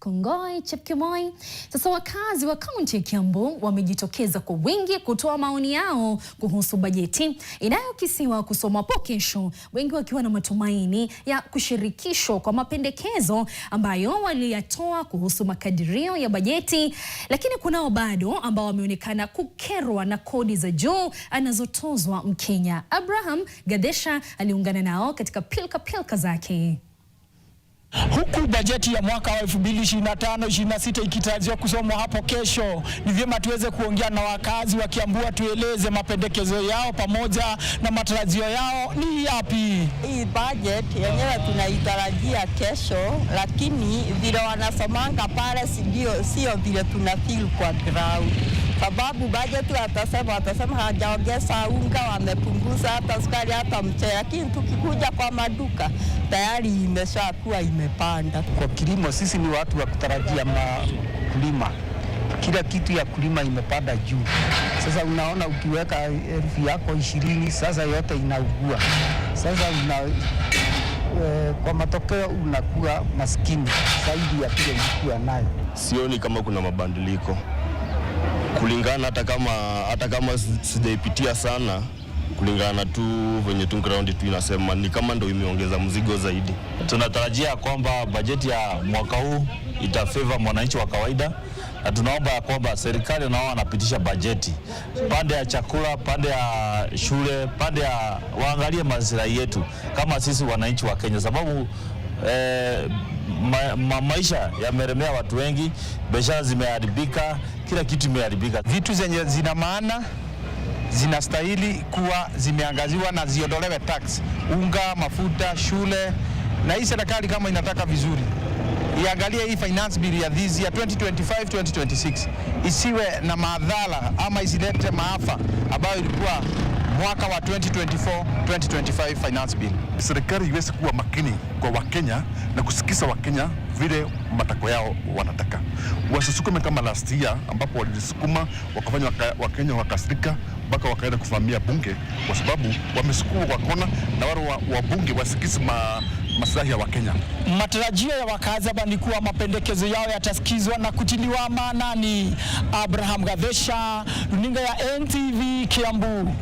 Kongoi, Chepkemoi. Sasa wakazi wa kaunti ya Kiambu wamejitokeza kwa wingi kutoa maoni yao kuhusu bajeti inayokisiwa kusomwa hapo kesho, wengi wakiwa na matumaini ya kushirikishwa kwa mapendekezo ambayo waliyatoa kuhusu makadirio ya bajeti, lakini kunao bado ambao wameonekana kukerwa na kodi za juu anazotozwa Mkenya. Abraham Gadesha aliungana nao katika pilka pilka zake. Huku bajeti ya mwaka wa 2025 26 ikitarajiwa kusomwa hapo kesho, ni vyema tuweze kuongea na wakazi wa tueleze mapendekezo yao pamoja na matarajio yao ni yapi. Hii bajeti yenyewe tunaitarajia kesho, lakini vile wanasomanga pale sio vile tunafeel kwa ground sababu bajeti watasema watasema hajaongeza unga, wamepunguza hata sukari, hata mchele, lakini tukikuja kwa maduka tayari imeshakuwa imepanda. Kwa kilimo sisi ni watu wa kutarajia kulima kila kitu ya kulima imepanda juu. Sasa unaona ukiweka elfu yako ishirini, sasa yote inaugua. Sasa una, e, kwa matokeo unakuwa maskini zaidi ya kile ulikuwa nayo. Sioni kama kuna mabadiliko kulingana, hata kama hata kama sijaipitia sana, kulingana tu venye tu ground tu inasema ni kama ndo imeongeza mzigo zaidi. Tunatarajia kwamba bajeti ya mwaka huu itafeva mwananchi wa kawaida na tunaomba ya kwamba serikali nao wanapitisha bajeti pande ya chakula, pande ya shule, pande ya waangalie maslahi yetu kama sisi wananchi wa Kenya, sababu eh, ma, ma, maisha yameremea watu wengi, biashara zimeharibika kila kitu imeharibika. Vitu zenye zina maana zinastahili kuwa zimeangaziwa na ziondolewe tax, unga, mafuta, shule. Na hii serikali kama inataka vizuri iangalie hii finance bill ya this ya 2025 2026 isiwe na madhara ama isilete maafa ambayo ilikuwa mwaka wa 2024 2025 finance bill. Serikali iweze kuwa makini kwa Wakenya na kusikiza Wakenya vile matako yao wanataka, wasisukume kama last year ambapo walilisukuma wakafanya Wakenya wakasirika mpaka wakaenda kuvamia bunge kwa sababu wamesukuma kwa kona, na wale wa, wa bunge wasikizi ma, maslahi ya Wakenya. Matarajio ya wakazi hapa ni kuwa mapendekezo yao yatasikizwa na kutiliwa maanani. Abraham Gadesha, runinga ya NTV Kiambu.